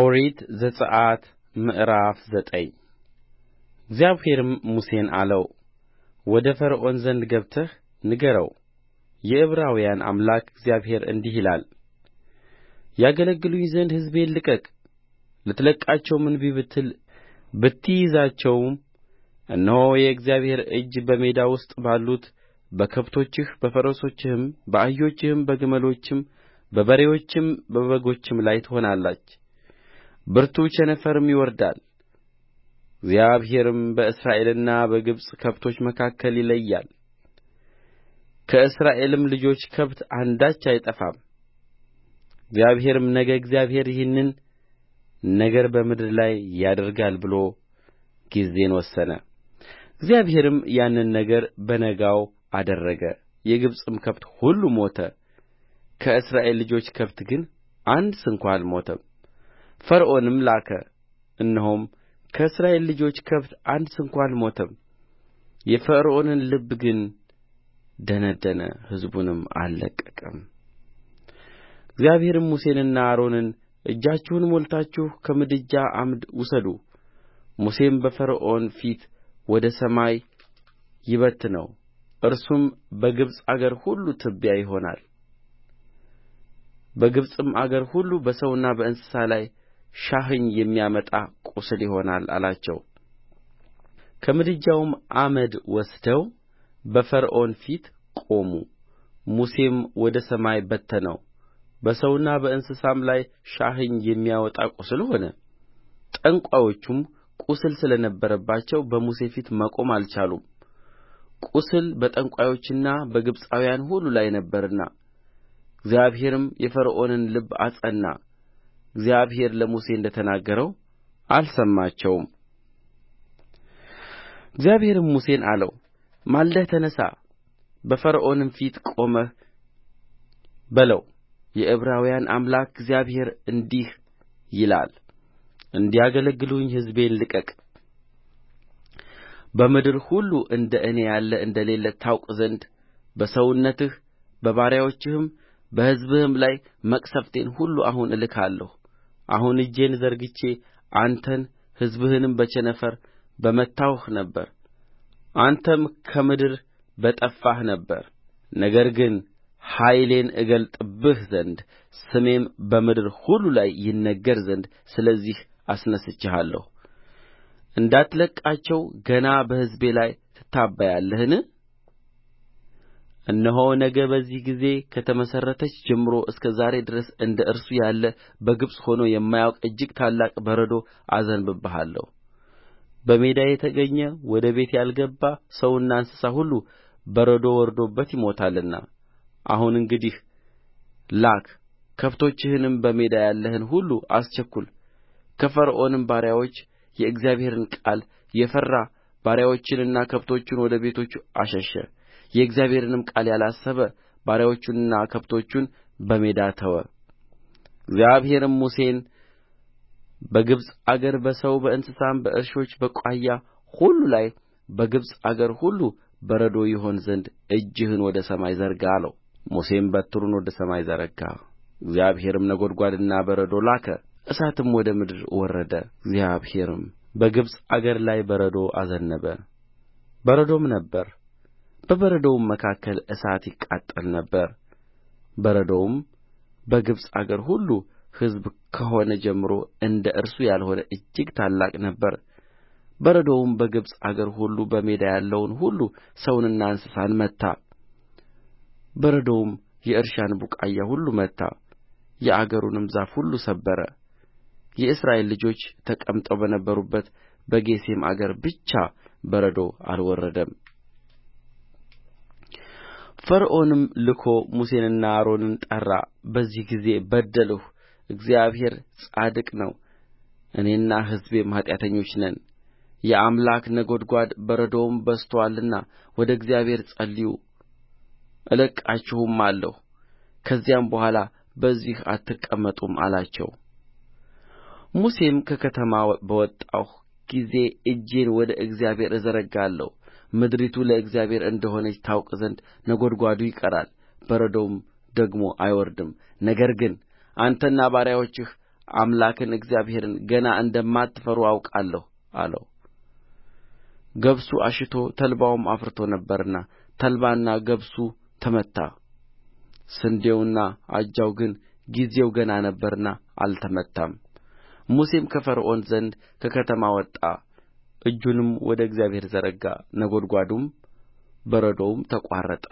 ኦሪት ዘጽአት ምዕራፍ ዘጠኝ እግዚአብሔርም ሙሴን አለው ወደ ፈርዖን ዘንድ ገብተህ ንገረው የዕብራውያን አምላክ እግዚአብሔር እንዲህ ይላል ያገለግሉኝ ዘንድ ሕዝቤን ልቀቅ ልትለቅቃቸውም እንቢ ብትል ብትይዛቸውም እነሆ የእግዚአብሔር እጅ በሜዳ ውስጥ ባሉት በከብቶችህ በፈረሶችህም በአህዮችህም በግመሎችም በበሬዎችም በበጎችም ላይ ትሆናለች ብርቱ ቸነፈርም ይወርዳል እግዚአብሔርም በእስራኤልና በግብፅ ከብቶች መካከል ይለያል ከእስራኤልም ልጆች ከብት አንዳች አይጠፋም እግዚአብሔርም ነገ እግዚአብሔር ይህንን ነገር በምድር ላይ ያደርጋል ብሎ ጊዜን ወሰነ እግዚአብሔርም ያንን ነገር በነጋው አደረገ የግብፅም ከብት ሁሉ ሞተ ከእስራኤል ልጆች ከብት ግን አንድ ስንኳ አልሞተም ፈርዖንም ላከ እነሆም ከእስራኤል ልጆች ከብት አንድ ስንኳ አልሞተም የፈርዖንን ልብ ግን ደነደነ ሕዝቡንም አልለቀቀም እግዚአብሔርም ሙሴንና አሮንን እጃችሁን ሞልታችሁ ከምድጃ ዓምድ ውሰዱ ሙሴም በፈርዖን ፊት ወደ ሰማይ ይበትነው እርሱም በግብፅ አገር ሁሉ ትቢያ ይሆናል በግብፅም አገር ሁሉ በሰውና በእንስሳ ላይ ሻህኝ የሚያመጣ ቍስል ይሆናል አላቸው ከምድጃውም አመድ ወስደው በፈርዖን ፊት ቆሙ ሙሴም ወደ ሰማይ በተነው በሰውና በእንስሳም ላይ ሻህኝ የሚያወጣ ቍስል ሆነ ጠንቋዮቹም ቍስል ስለ ነበረባቸው በሙሴ ፊት መቆም አልቻሉም ቍስል በጠንቋዮችና በግብፃውያን ሁሉ ላይ ነበረና እግዚአብሔርም የፈርዖንን ልብ አጸና እግዚአብሔር ለሙሴ እንደ ተናገረው አልሰማቸውም እግዚአብሔርም ሙሴን አለው ማልደህ ተነሣ በፈርዖንም ፊት ቆመህ በለው የዕብራውያን አምላክ እግዚአብሔር እንዲህ ይላል እንዲያገለግሉኝ ሕዝቤን ልቀቅ በምድር ሁሉ እንደ እኔ ያለ እንደሌለ ታውቅ ዘንድ በሰውነትህ በባሪያዎችህም በሕዝብህም ላይ መቅሠፍቴን ሁሉ አሁን እልካለሁ አሁን እጄን ዘርግቼ አንተን ሕዝብህንም በቸነፈር በመታሁህ ነበር አንተም ከምድር በጠፋህ ነበር ነገር ግን ኃይሌን እገልጥብህ ዘንድ ስሜም በምድር ሁሉ ላይ ይነገር ዘንድ ስለዚህ አስነሥቼሃለሁ እንዳትለቅቃቸው ገና በሕዝቤ ላይ ትታበያለህን እነሆ ነገ በዚህ ጊዜ ከተመሠረተች ጀምሮ እስከ ዛሬ ድረስ እንደ እርሱ ያለ በግብፅ ሆኖ የማያውቅ እጅግ ታላቅ በረዶ አዘንብብሃለሁ በሜዳ የተገኘ ወደ ቤት ያልገባ ሰውና እንስሳ ሁሉ በረዶ ወርዶበት ይሞታልና አሁን እንግዲህ ላክ ከብቶችህንም በሜዳ ያለህን ሁሉ አስቸኵል ከፈርዖንም ባሪያዎች የእግዚአብሔርን ቃል የፈራ ባሪያዎችንና ከብቶችን ወደ ቤቶቹ አሸሸ የእግዚአብሔርንም ቃል ያላሰበ ባሪያዎቹንና ከብቶቹን በሜዳ ተወ እግዚአብሔርም ሙሴን በግብፅ አገር በሰው በእንስሳም በእርሻም በቋያ ሁሉ ላይ በግብፅ አገር ሁሉ በረዶ ይሆን ዘንድ እጅህን ወደ ሰማይ ዘርጋ አለው ሙሴም በትሩን ወደ ሰማይ ዘረጋ እግዚአብሔርም ነጐድጓድና በረዶ ላከ እሳትም ወደ ምድር ወረደ እግዚአብሔርም በግብፅ አገር ላይ በረዶ አዘነበ በረዶም ነበረ በበረዶውም መካከል እሳት ይቃጠል ነበር በረዶውም በግብፅ አገር ሁሉ ሕዝብ ከሆነ ጀምሮ እንደ እርሱ ያልሆነ እጅግ ታላቅ ነበረ በረዶውም በግብፅ አገር ሁሉ በሜዳ ያለውን ሁሉ ሰውንና እንስሳን መታ በረዶውም የእርሻን ቡቃያ ሁሉ መታ የአገሩንም ዛፍ ሁሉ ሰበረ የእስራኤል ልጆች ተቀምጠው በነበሩበት በጌሤም አገር ብቻ በረዶ አልወረደም ፈርዖንም ልኮ ሙሴንና አሮንን ጠራ በዚህ ጊዜ በደልሁ እግዚአብሔር ጻድቅ ነው እኔና ሕዝቤም ኃጢአተኞች ነን የአምላክ ነጎድጓድ በረዶውም በዝቶአልና ወደ እግዚአብሔር ጸልዩ እለቅቃችሁማለሁ ከዚያም በኋላ በዚህ አትቀመጡም አላቸው ሙሴም ከከተማ በወጣሁ ጊዜ እጄን ወደ እግዚአብሔር እዘረጋለሁ ምድሪቱ ለእግዚአብሔር እንደ ሆነች ታውቅ ዘንድ ነጎድጓዱ ይቀራል በረዶውም ደግሞ አይወርድም ነገር ግን አንተና ባሪያዎችህ አምላክን እግዚአብሔርን ገና እንደማትፈሩ አውቃለሁ አለው ገብሱ አሽቶ ተልባውም አፍርቶ ነበርና ተልባና ገብሱ ተመታ ስንዴውና አጃው ግን ጊዜው ገና ነበርና አልተመታም ሙሴም ከፈርዖን ዘንድ ከከተማ ወጣ እጁንም ወደ እግዚአብሔር ዘረጋ ነጎድጓዱም በረዶውም ተቋረጠ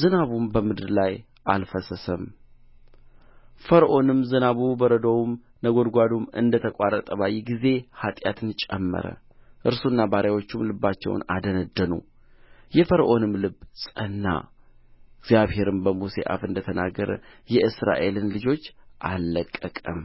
ዝናቡም በምድር ላይ አልፈሰሰም ፈርዖንም ዝናቡ በረዶውም ነጎድጓዱም እንደ ተቋረጠ ባየ ጊዜ ኃጢአትን ጨመረ እርሱና ባሪያዎቹም ልባቸውን አደነደኑ የፈርዖንም ልብ ጸና እግዚአብሔርም በሙሴ አፍ እንደ ተናገረ የእስራኤልን ልጆች አልለቀቀም